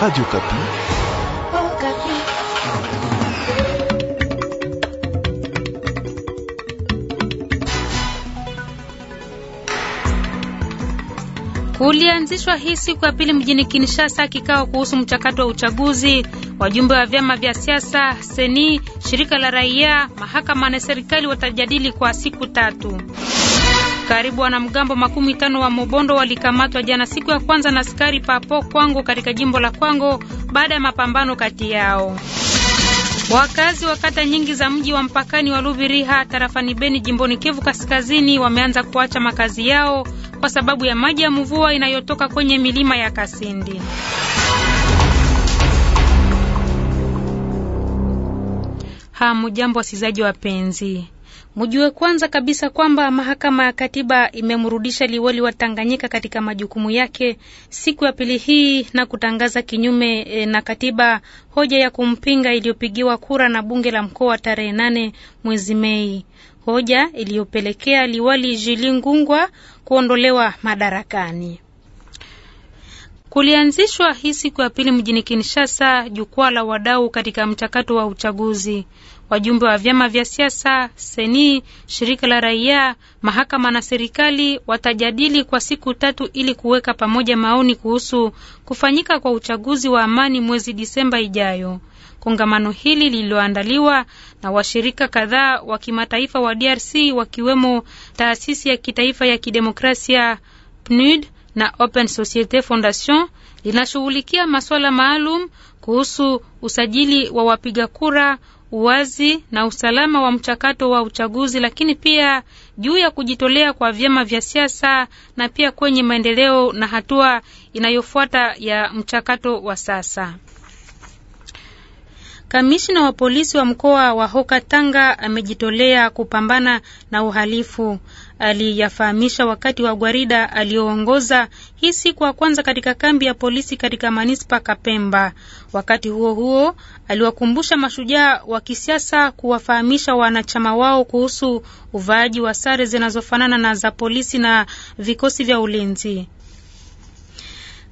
Radio Kapi. Oh, Kapi. Kulianzishwa hii siku ya pili mjini Kinshasa kikao kuhusu mchakato wa uchaguzi. Wajumbe wa vyama vya siasa, seni, shirika la raia, mahakama na serikali watajadili kwa siku tatu. Karibu wanamgambo makumi tano wa Mobondo walikamatwa jana siku ya kwanza na askari papo Kwango katika jimbo la Kwango baada ya mapambano kati yao. Wakazi wa kata nyingi za mji wa mpakani wa Lubiriha tarafani Beni jimboni Kivu Kaskazini wameanza kuacha makazi yao kwa sababu ya maji ya mvua inayotoka kwenye milima ya Kasindi. Hamujambo wasikilizaji wapenzi. Mjue kwanza kabisa kwamba mahakama ya katiba imemrudisha liwali wa Tanganyika katika majukumu yake siku ya pili hii na kutangaza kinyume e, na katiba hoja ya kumpinga iliyopigiwa kura na bunge la mkoa tarehe nane mwezi Mei, hoja iliyopelekea liwali Jili Ngungwa kuondolewa madarakani. Kulianzishwa hii siku ya pili mjini Kinshasa jukwaa la wadau katika mchakato wa uchaguzi. Wajumbe wa vyama vya siasa, seni, shirika la raia, mahakama na serikali watajadili kwa siku tatu ili kuweka pamoja maoni kuhusu kufanyika kwa uchaguzi wa amani mwezi Disemba ijayo. Kongamano hili lililoandaliwa na washirika kadhaa wa kimataifa wa DRC wakiwemo taasisi ya kitaifa ya kidemokrasia PNUD na Open Society Foundation linashughulikia masuala maalum kuhusu usajili wa wapiga kura, uwazi na usalama wa mchakato wa uchaguzi, lakini pia juu ya kujitolea kwa vyama vya siasa na pia kwenye maendeleo na hatua inayofuata ya mchakato wa sasa. Kamishna wa polisi wa mkoa wa Hoka Tanga amejitolea kupambana na uhalifu aliyafahamisha wakati wa gwarida aliyoongoza hii siku ya kwanza katika kambi ya polisi katika manispa Kapemba. Wakati huo huo, aliwakumbusha mashujaa wa kisiasa kuwafahamisha wanachama wao kuhusu uvaaji wa sare zinazofanana na za polisi na vikosi vya ulinzi.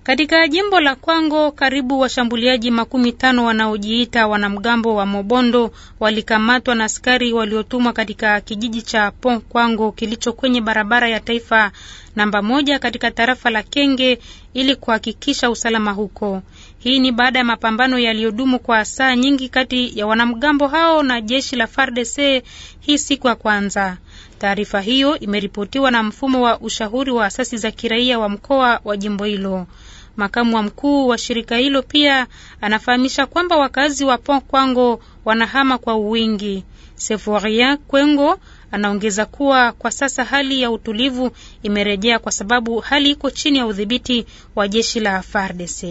Katika jimbo la Kwango karibu washambuliaji makumi tano wanaojiita wanamgambo wa Mobondo walikamatwa na askari waliotumwa katika kijiji cha Pont Kwango kilicho kwenye barabara ya taifa namba moja katika tarafa la Kenge ili kuhakikisha usalama huko. Hii ni baada ya mapambano yaliyodumu kwa saa nyingi kati ya wanamgambo hao na jeshi la FARDC hii siku ya kwanza. Taarifa hiyo imeripotiwa na mfumo wa ushauri wa asasi za kiraia wa mkoa wa jimbo hilo. Makamu wa mkuu wa shirika hilo pia anafahamisha kwamba wakazi wa Pont Kwango wanahama kwa wingi. Seforia Kwengo anaongeza kuwa kwa sasa hali ya utulivu imerejea kwa sababu hali iko chini ya udhibiti wa jeshi la FARDC.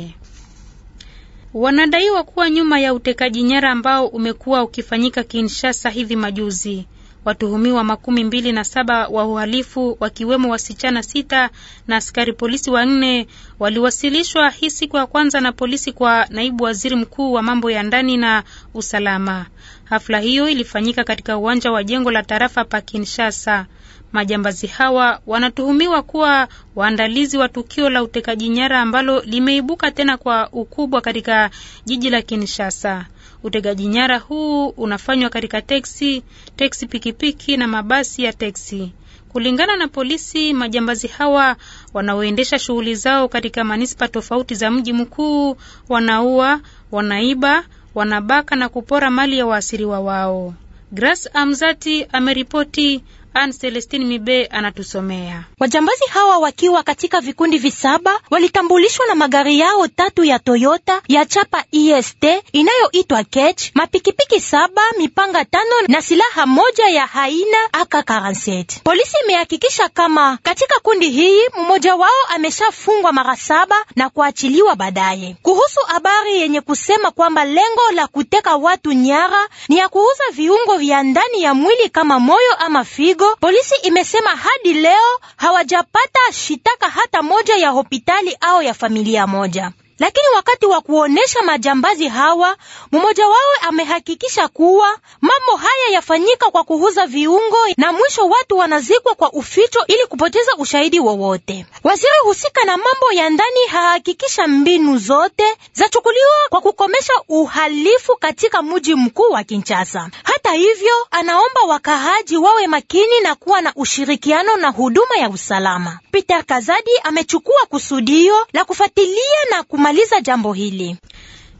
Wanadaiwa kuwa nyuma ya utekaji nyara ambao umekuwa ukifanyika Kinshasa hivi majuzi. Watuhumiwa makumi mbili na saba wa uhalifu wakiwemo wasichana sita na askari polisi wanne waliwasilishwa hii siku ya kwanza na polisi kwa naibu waziri mkuu wa mambo ya ndani na usalama. Hafla hiyo ilifanyika katika uwanja wa jengo la tarafa pa Kinshasa. Majambazi hawa wanatuhumiwa kuwa waandalizi wa tukio la utekaji nyara ambalo limeibuka tena kwa ukubwa katika jiji la Kinshasa. Utegaji nyara huu unafanywa katika teksi, teksi pikipiki na mabasi ya teksi. Kulingana na polisi, majambazi hawa wanaoendesha shughuli zao katika manispa tofauti za mji mkuu wanaua, wanaiba, wanabaka na kupora mali ya waasiriwa wao. Gras Amzati ameripoti Anne Celestine Mibe anatusomea. Wajambazi hawa wakiwa katika vikundi visaba walitambulishwa na magari yao tatu ya Toyota ya chapa IST e inayoitwa Catch, mapikipiki saba, mipanga tano na silaha moja ya haina AK47. Polisi imehakikisha kama katika kundi hii mmoja wao ameshafungwa mara saba na kuachiliwa baadaye. Kuhusu habari yenye kusema kwamba lengo la kuteka watu nyara ni ya kuuza viungo vya ndani ya mwili kama moyo ama figo Kongo, polisi imesema hadi leo hawajapata shitaka hata moja ya hospitali au ya familia moja. Lakini wakati wa kuonesha majambazi hawa, mmoja wao amehakikisha kuwa mambo haya yafanyika kwa kuuza viungo na mwisho watu wanazikwa kwa uficho ili kupoteza ushahidi wowote. Waziri husika na mambo ya ndani hahakikisha mbinu zote zachukuliwa kwa kukomesha uhalifu katika mji mkuu wa Kinshasa. Hata hivyo, anaomba wakahaji wawe makini na kuwa na ushirikiano na huduma ya usalama. Peter Kazadi amechukua kusudio la kufuatilia na kuma kumaliza jambo hili.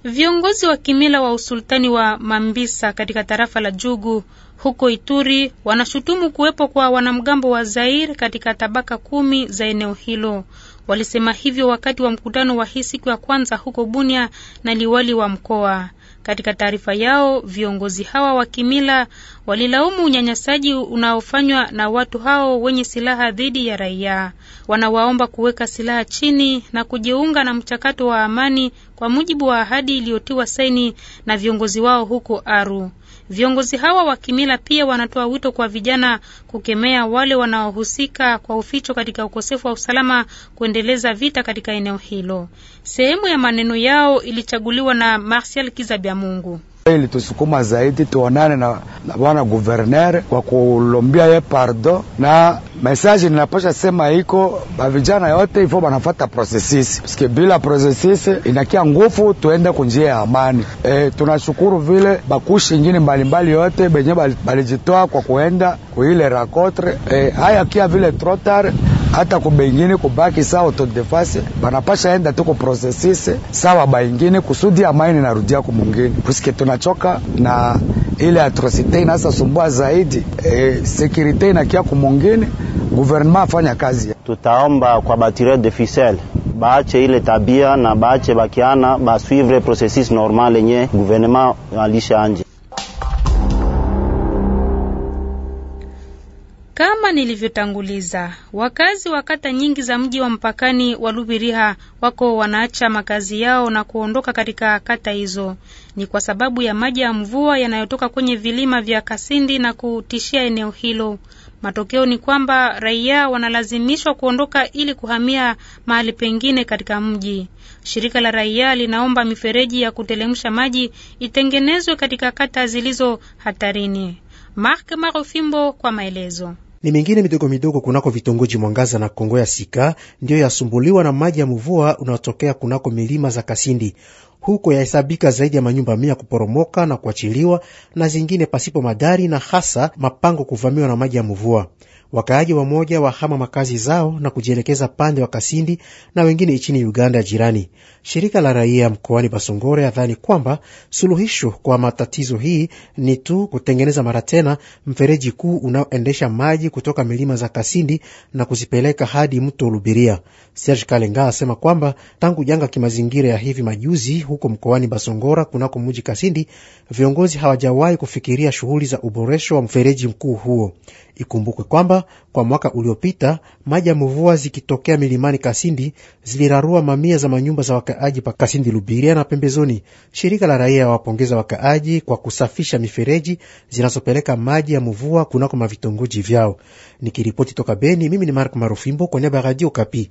Viongozi wa kimila wa usultani wa Mambisa katika tarafa la Jugu huko Ituri wanashutumu kuwepo kwa wanamgambo wa Zair katika tabaka kumi za eneo hilo. Walisema hivyo wakati wa mkutano wa hii siku ya kwanza huko Bunia na liwali wa mkoa. Katika taarifa yao, viongozi hawa wa kimila walilaumu unyanyasaji unaofanywa na watu hao wenye silaha dhidi ya raia. Wanawaomba kuweka silaha chini na kujiunga na mchakato wa amani kwa mujibu wa ahadi iliyotiwa saini na viongozi wao huko Aru. Viongozi hawa wa kimila pia wanatoa wito kwa vijana kukemea wale wanaohusika kwa uficho katika ukosefu wa usalama kuendeleza vita katika eneo hilo. Sehemu ya maneno yao ilichaguliwa na Martial Kizabiamungu ili tusukuma zaidi tuonane na, na bwana guverner kwa kulombia ye pardo na mesaji ninapasha sema iko bavijana yote ifo banafata prosesus paske bila prosesis inakia ngufu tuende kunjia ya amani. E, tunashukuru vile bakushi ingine mbalimbali yote benye balijitoa kwa kuenda kuile rakotre e, haya kia vile trotar hata kubengine kubaki sawa autodefase banapasha enda tuko processis sawa baingine kusudi amaini narudia kumungine kusike tunachoka na ile atrocite inasa sumbua zaidi e, eh, sekirite inakia kumungine guvernema afanya kazi. Tutaomba kwa batire de ficelle baache ile tabia na baache bakiana baswivre processus normal yenye guvernema alisha anje nilivyotanguliza, wakazi wa kata nyingi za mji wa mpakani wa Lubiriha wako wanaacha makazi yao na kuondoka katika kata hizo. Ni kwa sababu ya maji ya mvua yanayotoka kwenye vilima vya Kasindi na kutishia eneo hilo. Matokeo ni kwamba raia wanalazimishwa kuondoka ili kuhamia mahali pengine katika mji. Shirika la raia linaomba mifereji ya kutelemsha maji itengenezwe katika kata zilizo hatarini. Mark Marofimbo kwa maelezo ni mingine midogo midogo kunako vitongoji Mwangaza na Kongo ya Sika ndiyo yasumbuliwa na maji ya mvua unaotokea kunako milima za Kasindi. Huko yahesabika zaidi ya manyumba mia kuporomoka na kuachiliwa na zingine pasipo madari na hasa mapango kuvamiwa na maji ya mvua wakaaji wamoja wahama makazi zao na kujielekeza pande wa Kasindi na wengine nchini Uganda jirani. Shirika la raia mkoani Basongore adhani kwamba suluhisho kwa matatizo hii ni tu kutengeneza mara tena mfereji kuu unaoendesha maji kutoka milima za Kasindi na kuzipeleka hadi mto Lubiria. Serge Kalenga asema kwamba tangu janga kimazingira ya hivi majuzi huko mkoani Basongora kunako muji Kasindi, viongozi hawajawahi kufikiria shughuli za uboresho wa mfereji mkuu huo. Ikumbukwe kwamba kwa mwaka uliopita maji ya mvua zikitokea milimani Kasindi zilirarua mamia za manyumba za wakaaji pa Kasindi Lubiria na pembezoni. Shirika la raia wapongeza wakaaji kwa kusafisha mifereji zinazopeleka maji ya mvua kunako mavitongoji vyao. Nikiripoti toka Beni, mimi ni Mark Marufimbo kwa niaba ya Radio Kapi.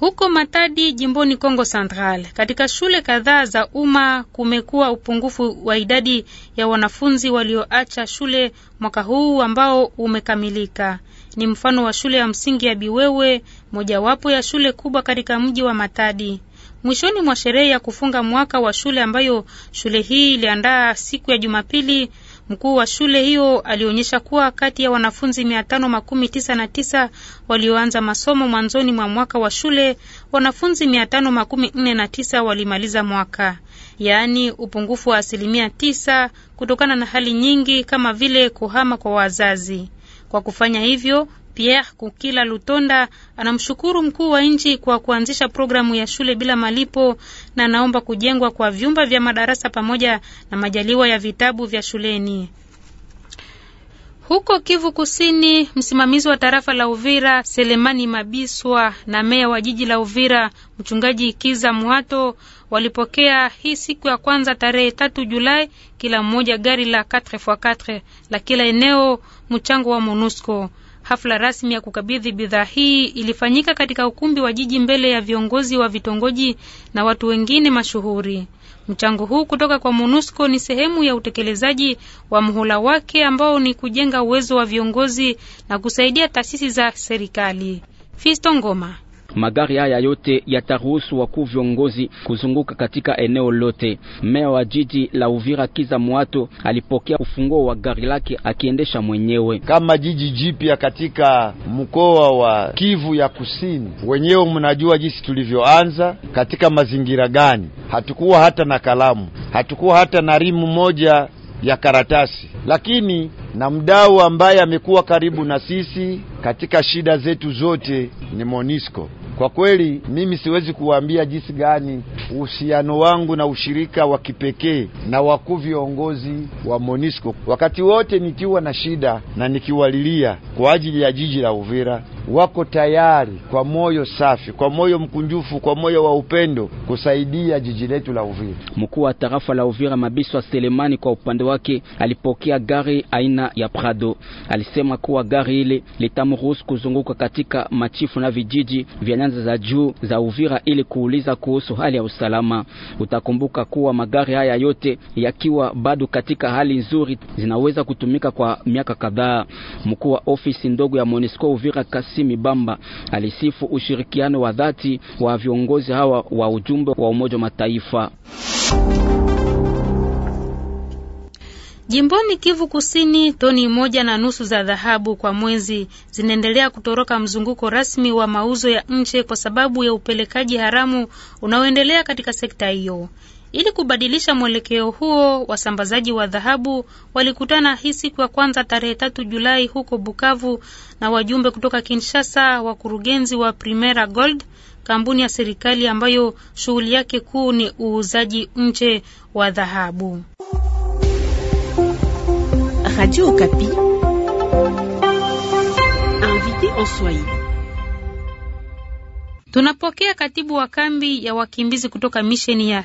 Huko Matadi jimboni congo Central, katika shule kadhaa za umma kumekuwa upungufu wa idadi ya wanafunzi walioacha shule mwaka huu ambao umekamilika. Ni mfano wa shule ya msingi ya Biwewe, mojawapo ya shule kubwa katika mji wa Matadi. Mwishoni mwa sherehe ya kufunga mwaka wa shule ambayo shule hii iliandaa siku ya Jumapili, Mkuu wa shule hiyo alionyesha kuwa kati ya wanafunzi mia tano makumi tisa na tisa walioanza masomo mwanzoni mwa mwaka wa shule, wanafunzi mia tano makumi nne na tisa walimaliza mwaka, yaani upungufu wa asilimia tisa kutokana na hali nyingi kama vile kuhama kwa wazazi. Kwa kufanya hivyo Pierre Kukila Lutonda anamshukuru mkuu wa nchi kwa kuanzisha programu ya shule bila malipo na anaomba kujengwa kwa vyumba vya madarasa pamoja na majaliwa ya vitabu vya shuleni. Huko Kivu Kusini, msimamizi wa tarafa la Uvira Selemani Mabiswa na meya wa jiji la Uvira mchungaji Kiza Mwato walipokea hii siku ya kwanza tarehe tatu Julai kila mmoja gari la 4x4 la kila eneo mchango wa MONUSCO. Hafla rasmi ya kukabidhi bidhaa hii ilifanyika katika ukumbi wa jiji mbele ya viongozi wa vitongoji na watu wengine mashuhuri. Mchango huu kutoka kwa MONUSCO ni sehemu ya utekelezaji wa mhula wake ambao ni kujenga uwezo wa viongozi na kusaidia taasisi za serikali. Fisto Ngoma Magari haya yote yataruhusu wakuu viongozi kuzunguka katika eneo lote. Meya wa jiji la Uvira Kiza Mwato alipokea ufunguo wa gari lake akiendesha mwenyewe kama jiji jipya katika mkoa wa Kivu ya Kusini. Wenyewe mnajua jinsi tulivyoanza katika mazingira gani, hatukuwa hata na kalamu, hatukuwa hata na rimu moja ya karatasi, lakini na mdau ambaye amekuwa karibu na sisi katika shida zetu zote ni Monisco. Kwa kweli mimi siwezi kuwaambia jinsi gani uhusiano wangu na ushirika wa kipekee na wakuu viongozi wa Monisco, wakati wote nikiwa na shida na nikiwalilia kwa ajili ya jiji la Uvira wako tayari kwa moyo safi, kwa moyo mkunjufu, kwa moyo wa upendo kusaidia jiji letu la Uvira. Mkuu wa tarafa la Uvira Mabiswa Selemani kwa upande wake alipokea gari aina ya Prado. Alisema kuwa gari ile litamruhusu kuzunguka katika machifu na vijiji vya nyanza za juu za Uvira ili kuuliza kuhusu hali ya usalama. Utakumbuka kuwa magari haya yote yakiwa bado katika hali nzuri zinaweza kutumika kwa miaka kadhaa. Mkuu wa ofisi ndogo ya Monisco Uvira kasi Kasimi Bamba alisifu ushirikiano wa dhati wa viongozi hawa wa ujumbe wa Umoja wa Mataifa. Jimboni Kivu Kusini, toni moja na nusu za dhahabu kwa mwezi zinaendelea kutoroka mzunguko rasmi wa mauzo ya nje kwa sababu ya upelekaji haramu unaoendelea katika sekta hiyo. Ili kubadilisha mwelekeo huo, wasambazaji wa dhahabu walikutana hii siku ya kwanza tarehe tatu Julai huko Bukavu na wajumbe kutoka Kinshasa, wakurugenzi wa Primera Gold, kampuni ya serikali ambayo shughuli yake kuu ni uuzaji nje wa dhahabu. Radio Okapi. Invité en Swahili. Tunapokea katibu wa kambi ya wakimbizi kutoka misheni ya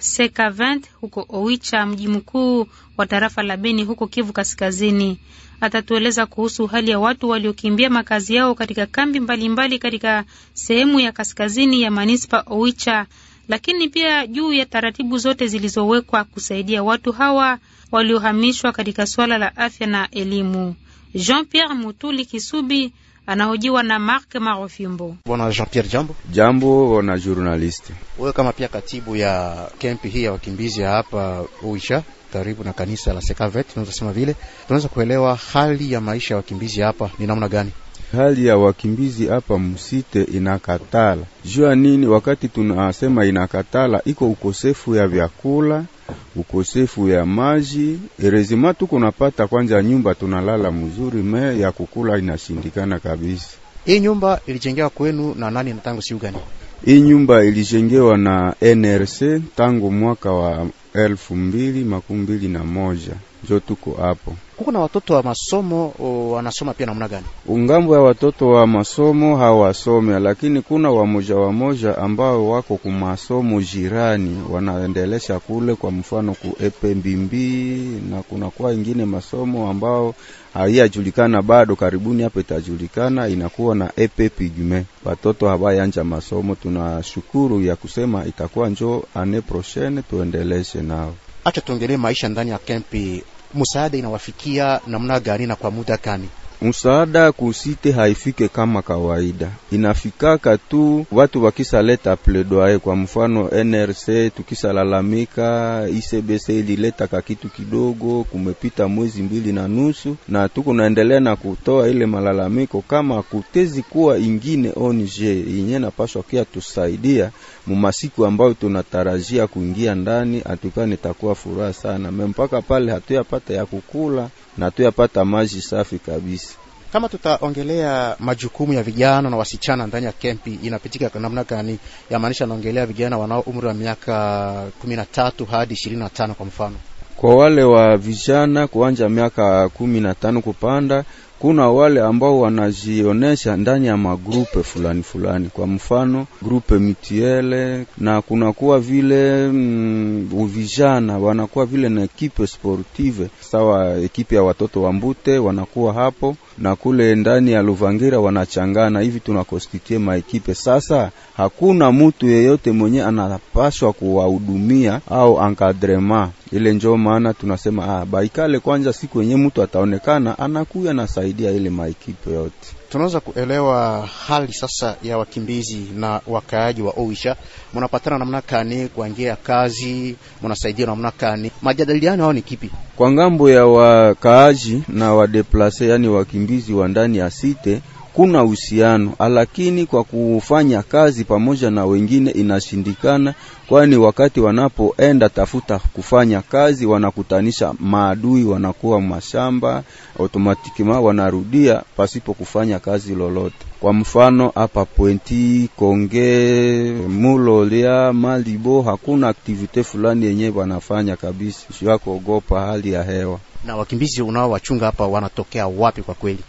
Vent huko Oicha, mji mkuu wa tarafa la Beni huko Kivu Kaskazini. Atatueleza kuhusu hali ya watu waliokimbia makazi yao katika kambi mbalimbali mbali katika sehemu ya kaskazini ya manispa Oicha, lakini pia juu ya taratibu zote zilizowekwa kusaidia watu hawa waliohamishwa katika suala la afya na elimu. Jean Pierre Mutuli Kisubi anahojiwa na Mark Marofimbo. Bwana Jean Pierre, jambo. Jambo na journalist. Wewe kama pia katibu ya kempi hii ya wakimbizi hapa Uisha karibu na kanisa la Sekavet, tunaweza sema vile tunaweza kuelewa hali ya maisha ya wakimbizi hapa ni namna gani? Hali ya wakimbizi hapa msite inakatala jua nini? Wakati tunasema inakatala, iko ukosefu ya vyakula ukosefu ya maji erezima tuko napata kwanza, nyumba tunalala mzuri, me ya kukula inashindikana kabisa. Hii nyumba ilijengewa kwenu na nani na tangu siku gani? Hii nyumba ilijengewa na NRC tangu mwaka wa elfu mbili makumi mbili na moja njo tuko hapo kuko na watoto wa masomo wanasoma pia namna gani? Ungambo ya watoto wa masomo hawasome, lakini kuna wamoja wamoja ambao wako ku masomo jirani wanaendelesha kule, kwa mfano ku epe mbimbi na kuna kwa ingine masomo ambao haiyajulikana bado, karibuni hapo itajulikana, inakuwa na epe pigme. Watoto habayanja masomo, tunashukuru ya kusema itakuwa njo ane prochaine tuendeleshe nao. Acha tuongelee maisha ndani ya kempi msaada inawafikia namna gani na kwa muda gani? Msaada kusite haifike kama kawaida, inafikaka tu watu wakisaleta pledoaye. Kwa mfano NRC tukisalalamika, ICBC ilileta ka kitu kidogo, kumepita mwezi mbili na nusu na tuko naendelea na kutoa ile malalamiko, kama kutezi kuwa ingine ONG yenye napaswa kia tusaidia mumasiku ambayo tunatarajia kuingia ndani, atuka nitakuwa furaha sana me, mpaka pale hatuyapata ya kukula na hatuyapata maji safi kabisa. Kama tutaongelea majukumu ya vijana na wasichana ndani ya kempi, inapitika namna gani? Yamaanisha naongelea vijana wanao umri wa miaka kumi na tatu hadi ishirini na tano kwa mfano, kwa wale wa vijana kuanja miaka kumi na tano kupanda kuna wale ambao wanajionesha ndani ya magrupe fulani fulani, kwa mfano grupe mitiele, na kunakuwa vile mm, uvijana wanakuwa vile na ekipe sportive sawa, ekipe ya watoto wa Mbute wanakuwa hapo na kule ndani ya Luvangira wanachangana hivi, tunakonstitue maekipe sasa. Hakuna mutu yeyote mwenye anapashwa kuwahudumia au ankadrema ile, njo maana tunasema ah, baikale kwanza, siku yenye mutu ataonekana anakuya nasaidia ile maekipe yote tunaweza kuelewa hali sasa ya wakimbizi na wakaaji wa Oisha, mnapatana namna kani kwa njia ya kazi, mnasaidia namna kani? Majadiliano hao ni kipi kwa ngambo ya wakaaji na wadeplase, yani wakimbizi wa ndani ya site? kuna uhusiano, lakini kwa kufanya kazi pamoja na wengine inashindikana, kwani wakati wanapoenda tafuta kufanya kazi wanakutanisha maadui, wanakuwa mashamba automatikima, wanarudia pasipo kufanya kazi lolote. Kwa mfano hapa Pointi, Konge, Mulolia, Malibo, hakuna aktivite fulani yenye wanafanya kabisa, sio kuogopa hali ya hewa. Na wakimbizi unaowachunga hapa wanatokea wapi? Kwa kweli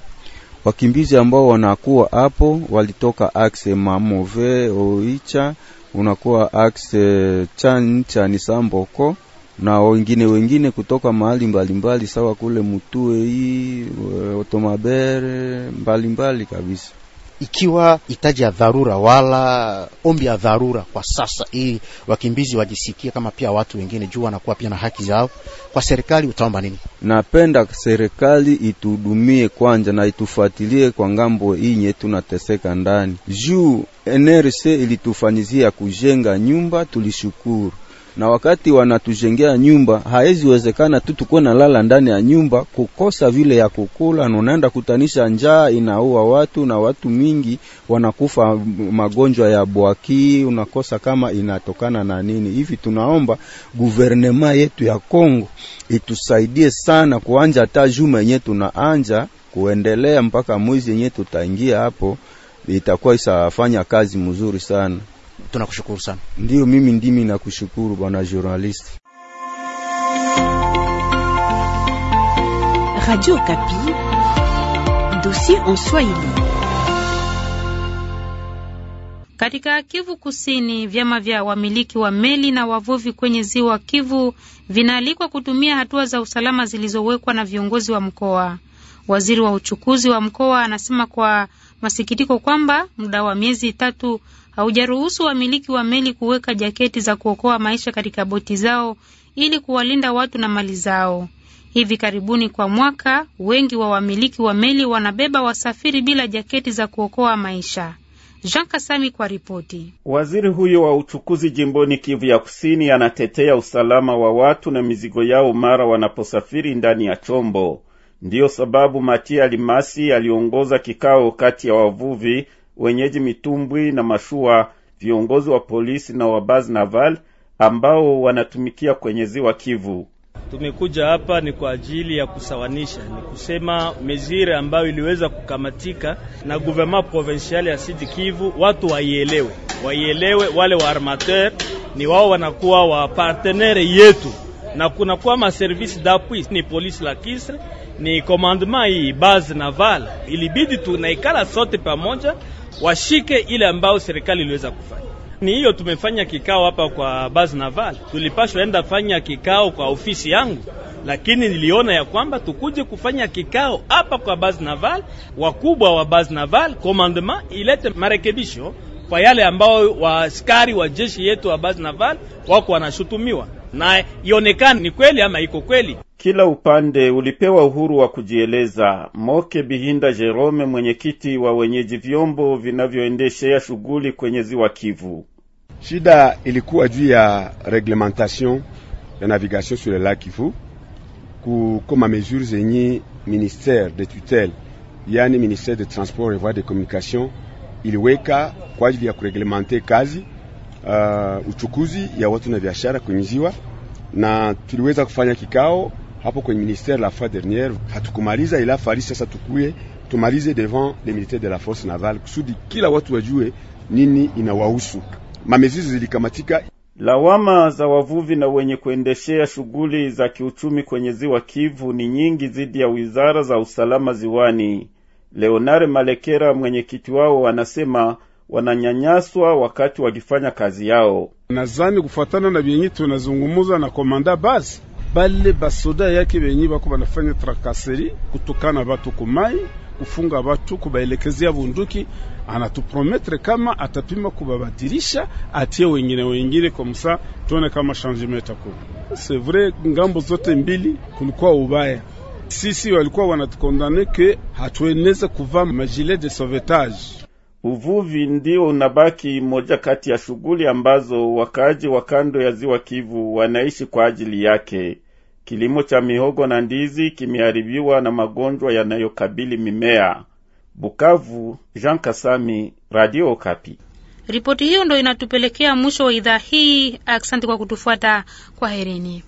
wakimbizi ambao wanakuwa hapo walitoka axe mamove oicha, unakuwa axe chancha ni samboko na wengine wengine kutoka mahali mbalimbali, sawa kule Mutue hii eh, Otomabere mbalimbali kabisa ikiwa hitaji ya dharura wala ombi ya dharura kwa sasa, ili wakimbizi wajisikie kama pia watu wengine juu wanakuwa pia na haki zao. Kwa serikali utaomba nini? Napenda serikali itudumie kwanja na itufuatilie kwa ngambo hii nye tunateseka ndani juu NRC ilitufanyizia kujenga nyumba, tulishukuru na wakati wanatujengea nyumba, haeziwezekana tu tuko na lala ndani ya nyumba kukosa vile ya kukula, nunaenda kutanisha njaa, inaua watu na watu mingi wanakufa magonjwa ya bwaki, unakosa kama inatokana na nini hivi. Tunaomba guvernema yetu ya Kongo itusaidie sana kuanja hata juma yenye tunaanja kuendelea mpaka mwezi yenye tutaingia hapo, itakuwa isafanya kazi mzuri sana tunakushukuru sana. Ndio mimi ndimi nakushukuru bwana journalist. Radio Kapi, dossier en Swahili. Katika Kivu Kusini, vyama vya wamiliki wa meli na wavuvi kwenye ziwa Kivu vinaalikwa kutumia hatua za usalama zilizowekwa na viongozi wa mkoa. Waziri wa uchukuzi wa mkoa anasema kwa masikitiko kwamba muda wa miezi tatu haujaruhusu wamiliki wa meli kuweka jaketi za kuokoa maisha katika boti zao ili kuwalinda watu na mali zao. Hivi karibuni kwa mwaka, wengi wa wamiliki wa meli wanabeba wasafiri bila jaketi za kuokoa maisha. Jean Kasami kwa ripoti. Waziri huyo wa uchukuzi jimboni Kivu ya Kusini anatetea usalama wa watu na mizigo yao mara wanaposafiri ndani ya chombo. Ndiyo sababu Matia Limasi aliongoza kikao kati ya wavuvi wenyeji mitumbwi na mashua, viongozi wa polisi na wabazi naval ambao wanatumikia kwenye ziwa Kivu. Tumekuja hapa ni kwa ajili ya kusawanisha, ni kusema mezire ambayo iliweza kukamatika na gouvernement provincial ya Sud Kivu, watu waielewe, waielewe. Wale wa armateur ni wao wanakuwa wa partenere yetu, na kunakuwa ma service d'appui, ni polisi la Kisre, ni commandement hii base naval. Ilibidi tunaikala sote pamoja washike ile ambayo serikali iliweza kufanya. Ni hiyo tumefanya kikao hapa kwa base naval, tulipashwa enda fanya kikao kwa ofisi yangu, lakini niliona ya kwamba tukuje kufanya kikao hapa kwa base naval. Wakubwa wa base naval commandement ilete marekebisho kwa yale ambao waskari wa jeshi yetu wa base naval wako wanashutumiwa, na ionekane ni kweli ama iko kweli kila upande ulipewa uhuru wa kujieleza. Moke Bihinda Jerome, mwenyekiti wa wenyeji vyombo vinavyoendeshea shughuli kwenye ziwa Kivu: shida ilikuwa juu ya reglementation ya navigation sur le lac Kivu kukoma mesure zenyi ministere de tutele, yani ministere de transport et voie de communication iliweka kwa ajili ya kureglemente kazi uh, uchukuzi ya watu na biashara kwenye ziwa, na tuliweza kufanya kikao hapo kwenye ministere la fois derniere hatukumaliza, ila fari sasa tukuye tumalize devant les militaires de la force navale kusudi kila watu wajue nini inawahusu. Mamezizi zilikamatika. Lawama za wavuvi na wenye kuendeshea shughuli za kiuchumi kwenye ziwa Kivu ni nyingi dhidi ya wizara za usalama ziwani. Leonare Malekera, mwenyekiti wao, anasema wananyanyaswa wakati wakifanya kazi yao. Nazani kufuatana na vyenye tunazungumuza na komanda basi bale basoda yake benyi bako banafanya trakaseri kutukana batu kumai kufunga batu kubaelekezea bunduki, anatuprometre kama atapima kubabadilisha, atie wengine wengine, kwa msa tuone kama changement itakuwa c'est vrai. Ngambo zote mbili kulikuwa ubaya. Sisi walikuwa wanatukondane ke hatueneze kuvaa majile de sauvetage. Uvuvi ndio unabaki moja kati ya shughuli ambazo wakaaji wa kando ya ziwa Kivu wanaishi kwa ajili yake. Kilimo cha mihogo na ndizi kimeharibiwa na magonjwa yanayokabili mimea. Bukavu, Jean Kasami, Radio Kapi. Ripoti hiyo ndo inatupelekea mwisho wa idhaa hii. Asante kwa kutufuata. Kwa herini